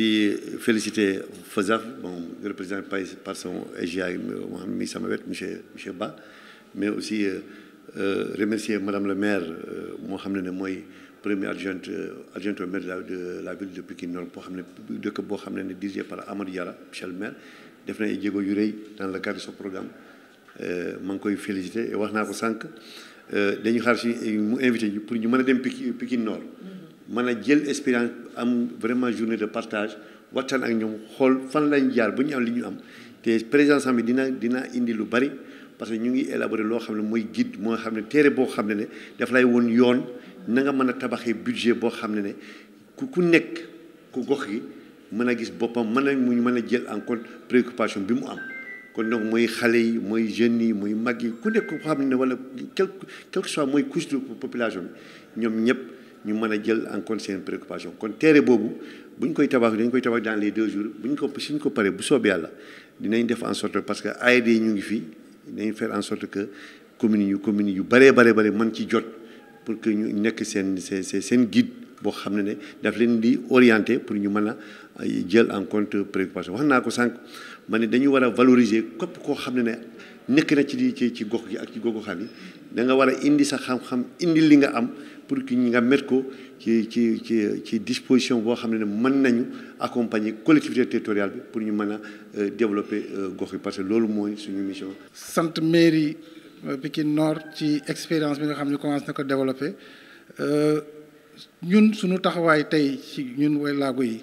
di féliciter FOSAF bon représenté par par son SGA moo xam mi sama wet monsieur monsieur Ba mais aussi euh, euh remercier madame le maire euh, moo xam ne ne mooy premier adjoint euh, adjoint au maire de la ville de Pikine Nord boo xam ne dëkk boo xam ne ne dirigé par Amadou Diarra monsieur le maire def na ay yu rëy dans le cadre de son programme maa ngi koy féliciter wax naa ko sànq. Euh, dañu xaar si euh, mu invité ñu pour ñu mën a dem Pikine Pikine Nord mm-hmm. mën a jël expérience am vraiment journée de partage waxtaan ak ñoom xool fan lañ jaar bu ñu am li ñu am te présidence bi dina dina indi lu bari parce que ñu ngi élaborer loo xam ne mooy guide moo xam ne téere boo xam ne ne daf lay woon yoon na nga mën a tabaxee budget boo xam ne ne ku ku nekk ku gox gi mën a gis boppam mën a mu mën a jël en compte préoccupation bi mu am kon donc mooy xale yi mooy jeunes yi muy mag yi ku nekk xam ne wala quelque quelque mooy couche population ñoom ñëpp ñu mën a jël en compte seen préoccupation kon téere boobu bu ñu koy tabax dañ koy tabax dans les deux jours bu ñu ko suñ ko paree bu soob yàlla dinañ def en parce que ARD ñu ngi fii dinañ faire en sorte que communes yu communes yu bëree bare bëri mën ci jot pour que ñu nekk seen seen seen guide boo xam ne ne daf leen di orienté pour ñu mën a jël en compte préoccupation wax naa ko sànq ma ne dañu war a valoriser képp koo xam ne ne nekk na ci ci ci gox gi ak ci goxu xal yi da nga war a indi sa xam-xam indi li nga am pour ki ñu nga met ko ci ci ci ci disposition boo xam ne ne mën nañu accompagner collectivité territoriale bi pour ñu mën a euh, développer euh, gox yi parce que loolu mooy suñu mission. sant mairie euh, Pikine Nord ci expérience bi nga xam ne commencé na ñun suñu taxawaay tey ci ñun way laago yi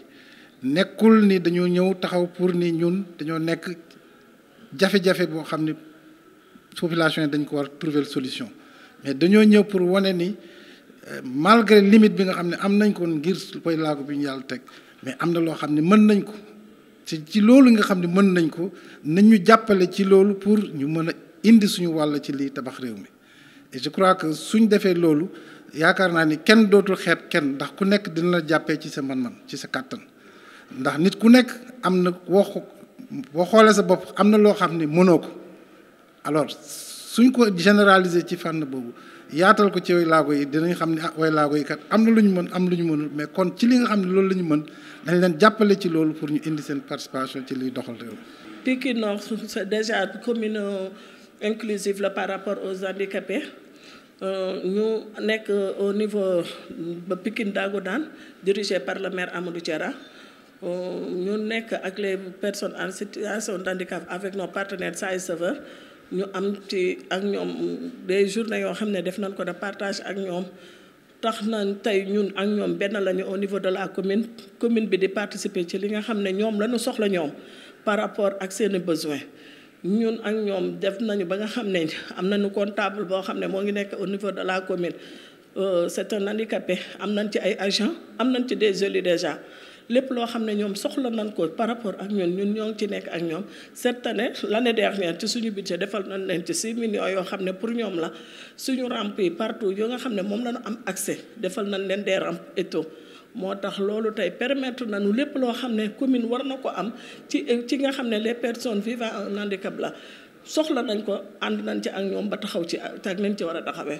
nekkul ni dañoo ñëw taxaw pour ni ñun dañoo nekk jafe-jafe boo xam ne population yi dañ ko war trouver solution mais dañoo ñëw pour wane ni euh, malgré limite bi nga xam ne am nañ ko ngir way laago bi ñu yàlla teg mais am na loo xam ne mën nañ ko ci ci loolu nga xam ne mën nañ ko nañ ñu jàppale ci loolu pour ñu mën a indi suñu wàll ci lii tabax réew mi et je crois que suñ defee loolu yaakaar naa ni kenn dootul xeet kenn ndax ku nekk dina la jàppee ci sa man-man ci sa kàttan ndax nit ku nekk am na wax boo xoolee sa bopp am na loo xam ne mënoo ko alors suñ ko généraliser ci fànn boobu yaatal ko ci way laago yi dinañ xam ne ah way laago yi kat am na lu ñu mën am lu ñu mënul mais kon ci li nga xam ne loolu la ñu mën dañ leen jàppale ci loolu pour ñu indi seen participation ci liy doxal réew. Pikine Nord déjà commune inclusive la par rapport aux handicapés. Euh, ñu nekk euh, au niveau euh, ba Pikine Dagoudane dirigé par le maire Amadou Thiara ñu nekk ak les personnes en situation de handicap avec nos partenaires Saay Sauveur ñu am ci ak ñoom des journées yoo xam ne def nañ ko de partage ak ñoom tax na tey ñun ak ñoom benn lañu au niveau de la commune commune bi di participer ci li nga xam ne ñoom la ñu soxla ñoom par rapport ak seeni besoins ñun ak ñoom def nañu ba nga xam ne am na nañu comptable boo xam ne moo ngi nekk au niveau de la commune euh, c'est un handicapé am nañ ci ay agents am nañ ci des élus déjà lépp loo xam ne ñoom soxla nañ ko par rapport ak ñun ñun ñoo ngi ci nekk ak ñoom cette année l'année dernière ci suñu budget defal nañ leen ci 6 millions yoo xam ne pour ñoom la suñu rampe yi partout yoo nga xam ne moom la lañu am accès defal nañ leen des rampes et moo tax loolu tey na nañu lépp loo xam ne commune war na ko am ci ci nga xam ne les personnes vivant en handicap la soxla nañ ko ànd nañ ci ak ñoom ba taxaw ci ak nañ ci war a taxawee.